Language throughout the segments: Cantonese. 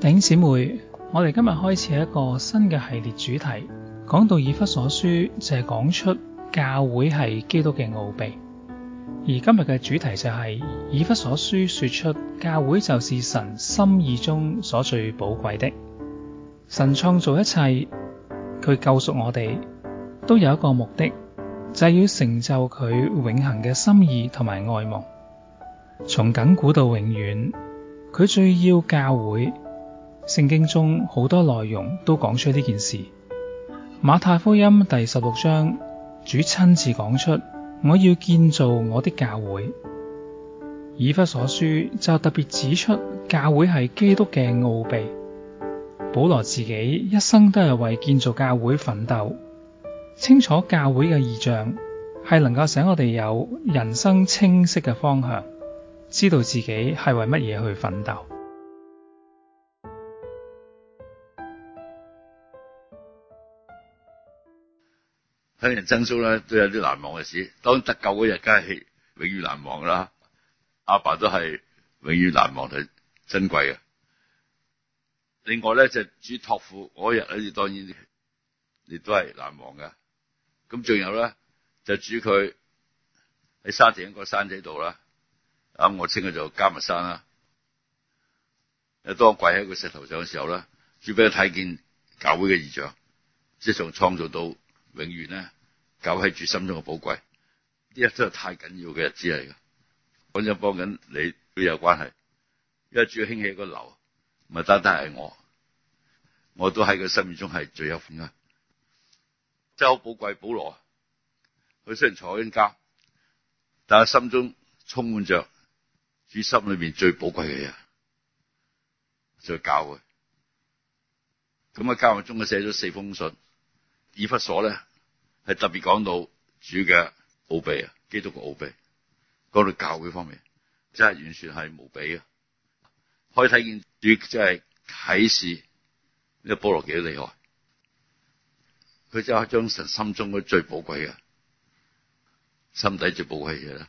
頂姊妹，我哋今日開始一個新嘅系列主題，講到以弗所書就係講出教會係基督嘅奧祕。而今日嘅主題就係以弗所書說出教會就是神心意中所最寶貴的。神創造一切，佢救贖我哋，都有一個目的，就係要成就佢永恆嘅心意同埋愛慕。從亘古到永遠，佢最要教會。聖經中好多內容都講出呢件事。馬太福音第十六章，主親自講出我要建造我的教會。以弗所書就特別指出教會係基督嘅奧祕。保羅自己一生都係為建造教會奮鬥，清楚教會嘅意象係能夠使我哋有人生清晰嘅方向，知道自己係為乜嘢去奮鬥。睇人曾疏咧都有啲難忘嘅事，當得救嗰日梗係永遠難忘啦。阿爸，爸都係永遠難忘同珍貴嘅。另外咧、就是、就主託付我嗰日，呢，當然亦都係難忘嘅。咁仲有咧，就主佢喺沙田一個山仔度啦，我稱佢做加密山啦。當我跪喺個石頭上嘅時候咧，主俾佢睇見教會嘅異象，即係從創造到永遠呢，教會喺主心中嘅寶貴，呢日真係太緊要嘅日子嚟噶。我真幫緊你都有關係，因為主要興起個流，唔係單單係我，我都喺佢生命中係最有份噶。真係好寶貴，保羅，佢雖然坐緊監，但係心中充滿着主心裡面最寶貴嘅嘢，就是、教佢。咁啊，監獄中佢寫咗四封信，以弗所咧。係特別講到主嘅奧秘啊，基督嘅奧秘，講到教會方面，真係完全係無比嘅。可以睇見主就係啟示，呢個保羅幾多厲害？佢真係將神心中嗰最寶貴嘅心底最寶貴嘅嘢咧，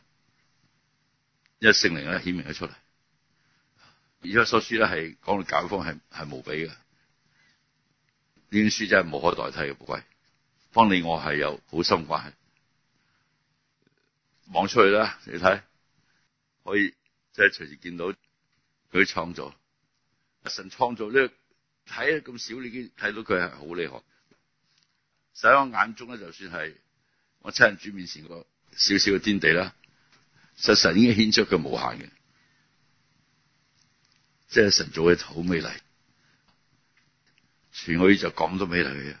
因聖靈咧顯明咗出嚟。而家以弗所書咧係講到教會方面係係無比嘅，呢本書真係無可代替嘅寶貴。幫你我係有好深關係，望出去啦，你睇可以即係隨時見到佢創造，神創造呢，睇咁少你已經睇到佢係好厲害。喺我眼中咧，就算係我親人主面前個少少嘅天地啦，實神已經顯出佢無限嘅，即係神做嘅好美麗，傳我語就講到美麗啊！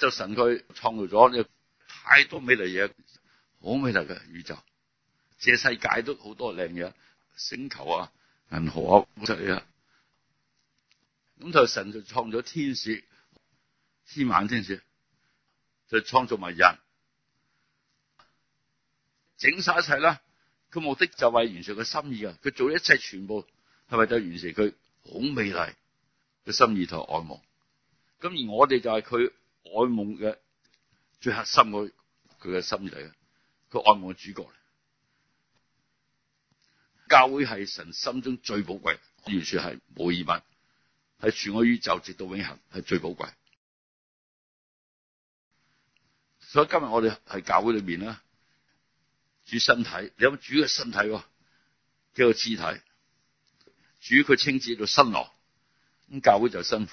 就神佢創造咗，你太多美麗嘢，好美麗嘅宇宙，即世界都好多靚嘢，星球啊、銀河啊、出嚟啊。咁就神就創咗天使、天眼天使，就創造埋人，整晒一齊啦。佢目的就為完成佢心意嘅，佢做一切全部係咪就完成佢好美麗嘅心意同愛慕。咁而我哋就係佢。愛慕嘅最核心佢嘅心仔，佢愛慕主角。教會係神心中最寶貴，完全係無二物，喺全個宇宙直到永恒係最寶貴。所以今日我哋喺教會裏面啦，主身體，你諗主嘅身體叫個肢體，主佢親自叫新落，咁教會就辛苦。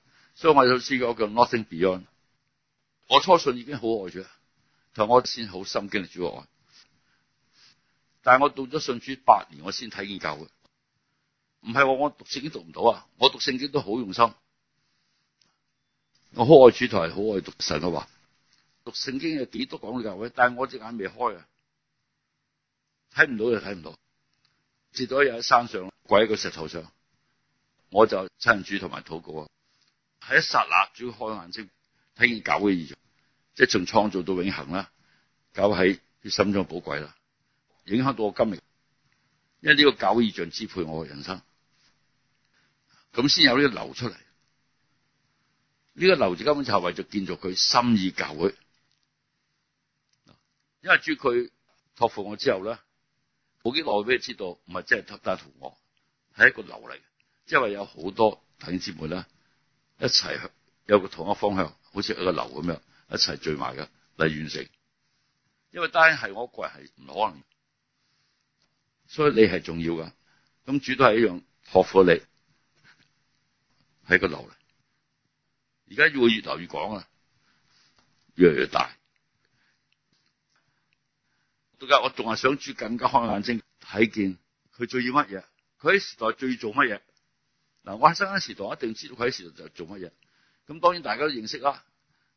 所、so，以我有試過叫 Nothing Beyond。我初信已經好愛主啊，但我先好心經歷主嘅愛。但係我到咗信主八年，我先睇見教會。唔係話我讀聖經讀唔到啊！我讀聖經都好用心，我好愛主台，好愛讀神。我話讀聖經有幾多講教會，但係我隻眼未開啊，睇唔到就睇唔到。直到有日喺山上跪喺個石頭上，我就親主同埋禱告啊！喺一剎那，主要開眼睛睇教會嘅意象，即係從創造到永恆啦。教會喺心中寶貴啦，影響到我今日，因為呢個教會意象支配我嘅人生，咁先有呢個流出嚟。呢、呢個流就根本就係為咗建造佢心意教會，因為主佢託付我之後咧，我幾內裏知道唔係真係塔帶徒我，係一個流嚟嘅，即係話有好多弟兄姊妹啦。一齊去，有個同一方向，好似一個流咁樣一齊聚埋噶嚟完成。因為單係我一個人係唔可能，所以你係重要噶。咁主都係一樣，托扶你喺個流嚟。而家要會越流越廣啊，越嚟越大。到家我仲係想住更加開眼睛睇見佢最要乜嘢，佢喺時代最要做乜嘢。嗱，我喺新嘅時代一定知道佢喺時代就做乜嘢。咁當然大家都認識啦。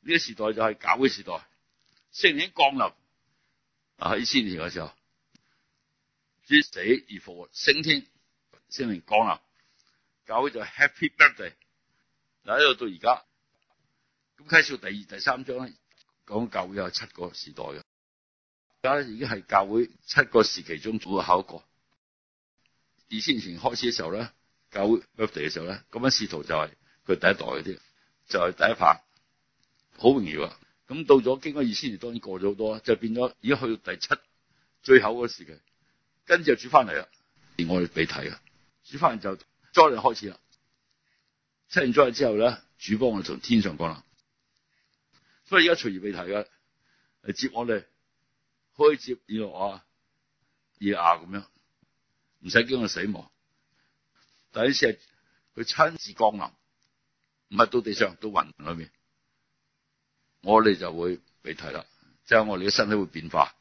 呢個時代就係教會時代，聖靈降臨。啊，二千年嘅時候，主死而復活，升天，聖靈降臨，教會就 Happy Birthday。嗱，一路到而家，咁介紹第二、第三章咧，講教會有七個時代嘅。而家已經係教會七個時期中組，主要考過。二千年開始嘅時候咧。九 d a 嘅時候咧，咁樣試圖就係佢第一代嗰啲，就係、是、第一拍，好榮耀啊！咁到咗經過二千年，當然過咗好多，就變咗已經去到第七最後嗰時嘅，跟住就煮翻嚟啦，而我哋被提啊！煮翻嚟就再嚟開始啦。七年嚟之後咧，主幫我哋從天上降落，所以隨而家隨時被提嘅，嚟接我哋，開接以亞以亞咁樣，唔使驚我死亡。第一次係佢親自降臨，唔係到地上，到雲裏面，我哋就會被提啦。即係我哋嘅身體會變化，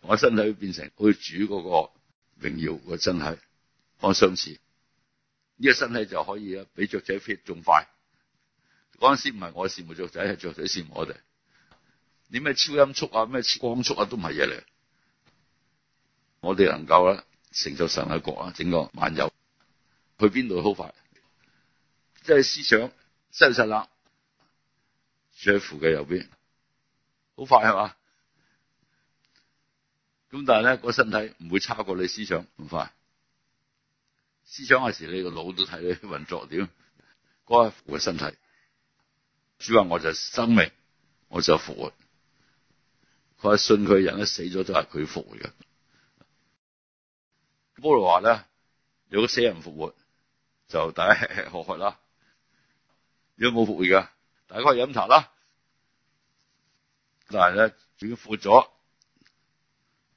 我身體會變成好似主嗰個榮耀嘅身體，好相似。呢個身體就可以啊，比雀仔飛仲快。陣時唔係我羨慕雀仔，係雀仔羨慕我哋。點咩超音速啊，咩光速啊，都唔係嘢嚟。我哋能夠咧成就神嘅國啊，整個萬有。去邊度好快？即係思想失去神啦，住喺父嘅右邊，好快係嘛？咁但係咧，那個身體唔會差過你思想咁快。思想有時候你個腦都睇你運作點，嗰個復活身體。主話我就係生命，我就復活。佢話信佢人咧死咗都係佢復活。保羅話咧，有個死人復活。就大家吃吃喝喝啦，一冇復活噶，大家可以飲茶啦。但係咧要闊咗，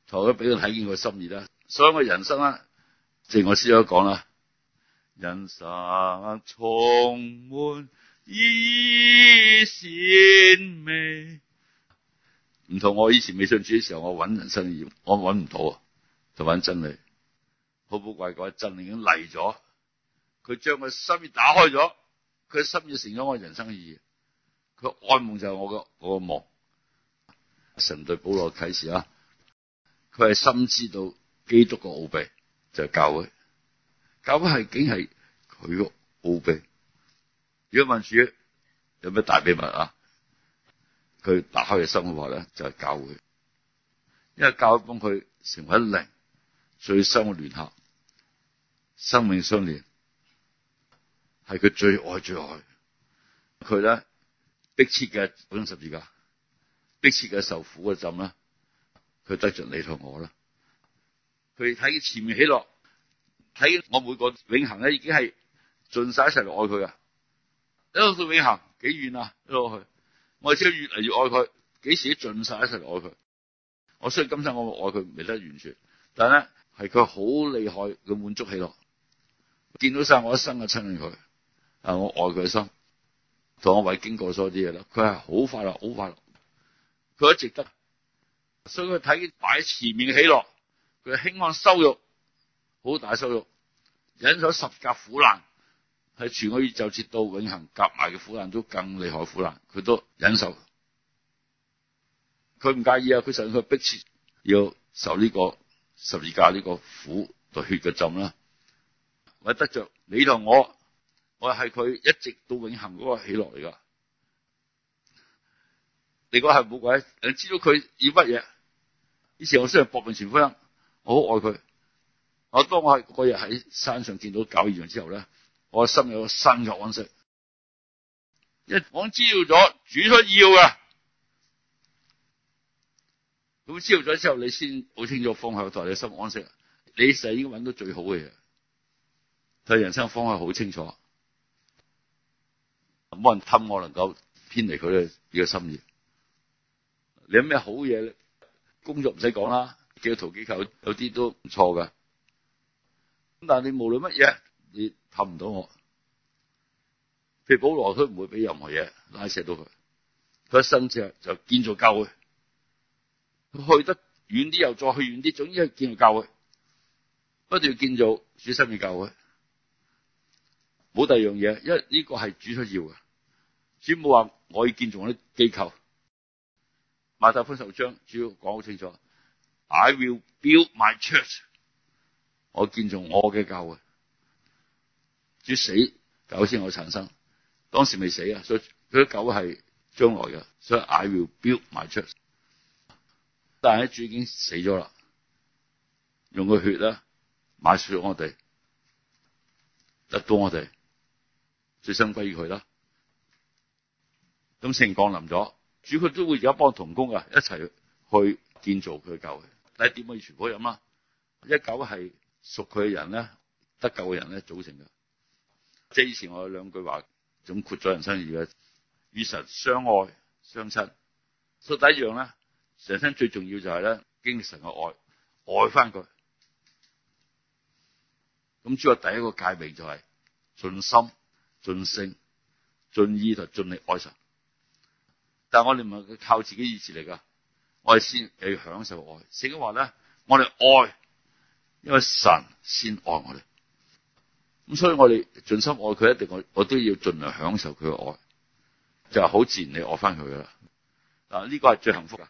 台佢俾佢睇見佢心意啦。所以我人生即係我師友講啦，人生充滿意善味。唔 同我以前未信主嘅時候，我揾人生意，我揾唔到啊，就揾真理，好寶貴，寶貴，寶貴嗰真理已經嚟咗。佢將佢心意打開咗，佢心意成咗我人生意義。佢愛夢就係我個我個夢。神對保羅啟示啊，佢係深知道基督個奧秘就係、是、教會，教會係竟係佢個奧秘。如果問主有咩大秘密啊？佢打開嘅心嘅話咧，就係、是、教會，因為教會幫佢成為一靈，最深嘅聯合，生命相連。係佢最愛最愛，佢咧迫切嘅本種十字架，迫切嘅受苦嘅陣啦，佢得盡你同我啦，佢睇前面喜樂，睇我每個永恒咧已經係盡晒一齊嚟愛佢啊！一路去永恒幾遠啊？一路去，我即係越嚟越愛佢，幾時都盡晒一齊嚟愛佢。我雖然今生我愛佢未得完全，但咧係佢好厲害嘅滿足喜樂。見到晒我一生嘅親愛佢。啊！我愛佢嘅心，同阿偉經過所啲嘢啦。佢係好快樂，好快樂。佢一直得，所以佢睇擺前面嘅喜樂，佢輕看羞辱，好大羞辱，忍受十架苦難，喺全個宇宙切到永恒夾埋嘅苦難都更厲害的苦難，佢都忍受。佢唔介意啊！佢想佢逼切要受呢個十二架呢個苦就血嘅浸啦，為得着你同我。我係佢一直到永恒嗰個起落嚟㗎。你講係冇鬼，你知道佢要乜嘢？以前我雖然搏命全呼，我好愛佢。我當我係嗰日喺山上見到狗二樣之後咧，我心有個新嘅安息。一講知道咗主出要㗎。咁知道咗之後，你先好清楚方向，同埋你心安息。你實已經揾到最好嘅嘢，佢人生方向好清楚。冇人氹我，我能夠偏離佢嘅呢個心意。你有咩好嘢？工作唔使講啦，叫個圖機構有啲都唔錯㗎。咁但係你無論乜嘢，你氹唔到我。譬如保羅，佢唔會俾任何嘢拉扯到佢。佢一生只就建造教會。佢去得遠啲，又再去遠啲，總之係建造教會，不斷建造主心嘅教會。冇第二樣嘢，因為呢個係主所要嘅。主冇話我要建我啲機構，馬太福音十六章，主要講好清楚。I will build my church，我建造我嘅教會。主死，教會先有產生。當時未死啊，所以佢啲教會係將來嘅，所以 I will build my church。但係呢，主已經死咗啦，用個血啦，買贖我哋，得到我哋，最珍貴歸於佢啦。咁聖降臨咗，主佢都會有一幫同工啊，一齊去建造佢救嘅第一點，我要全部飲啦。一九係屬佢嘅人咧，得救嘅人咧，組成嘅。即係以前我有兩句話總括咗人生意義嘅與神相愛相親，所以第一樣咧，成身最重要就係咧，經神嘅愛愛返佢。咁主話：第一個誡命就係盡心、盡性、盡意，就盡力愛神。但我哋唔係靠自己意志嚟噶，我哋先要享受愛。聖經話咧，我哋愛，因為神先愛我哋。咁所以我哋盡心愛佢，一定我我都要盡量享受佢嘅愛，就係好自然你愛翻佢噶啦。嗱呢個係最幸福噶，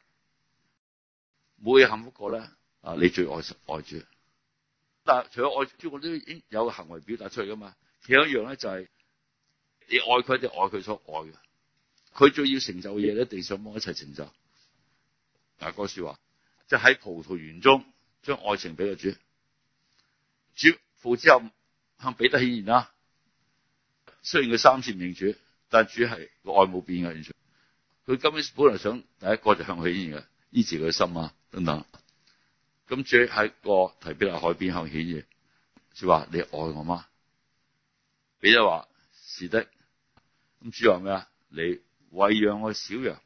冇嘢幸福過咧。啊，你最愛愛主，但係除咗愛主，我都已經有行為表達出嚟噶嘛。第一樣咧就係你愛佢，就愛佢所愛噶。佢最要成就嘅嘢咧，一定想幫一齊成就。嗱哥，哥說話，即係喺葡萄園中將愛情俾個主，主付之後向彼得顯現啦。雖然佢三次唔認主，但主係個愛冇變嘅完全。佢根本本來想第一個就向佢顯現嘅，醫治佢心啊，等等。咁主係個提比拉海邊向顯現，說話你愛我嗎？彼得話是的。咁主話咩啊？你餵養我小羊。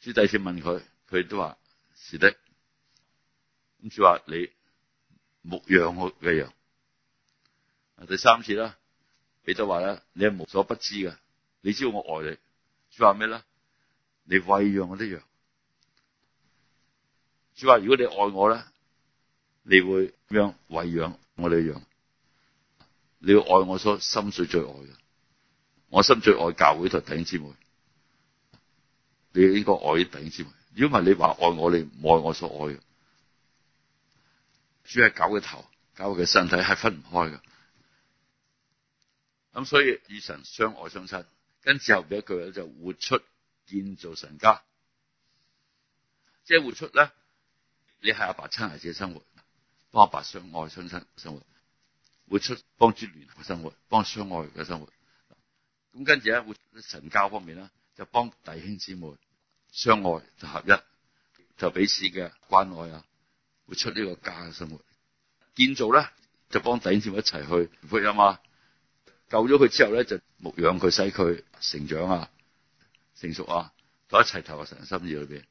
主第二次問佢，佢都話是的。咁主話你牧養我嘅羊。第三次啦，彼得話，你係無所不知嘅，你知道我愛你。主話咩呢？你餵養我啲羊。主話如果你愛我呢，你會點樣餵養我哋嘅羊？你要愛我所心最愛嘅。我心最愛教會同弟兄姊妹，你應該愛弟兄姊妹。如果唔係你話愛我，你唔愛我所愛嘅。主係搞嘅頭，搞嘅身體係分唔開嘅。咁所以與神相愛相親，跟住之後嘅一句咧，就活出建造神家，即係活出咧，你係阿爸親兒子嘅生活，幫阿爸，爸相愛相親生活，活出幫主聯合生活，幫相愛嘅生活。咁跟住咧，會神交方面咧，就幫弟兄姊妹相愛就合一，就彼此嘅關愛啊，會出呢個家嘅生活建造咧，就幫弟兄姊妹一齊去，啊救咗佢之後咧，就牧養佢、使佢成長啊、成熟啊，都一齊投入神心意裏邊。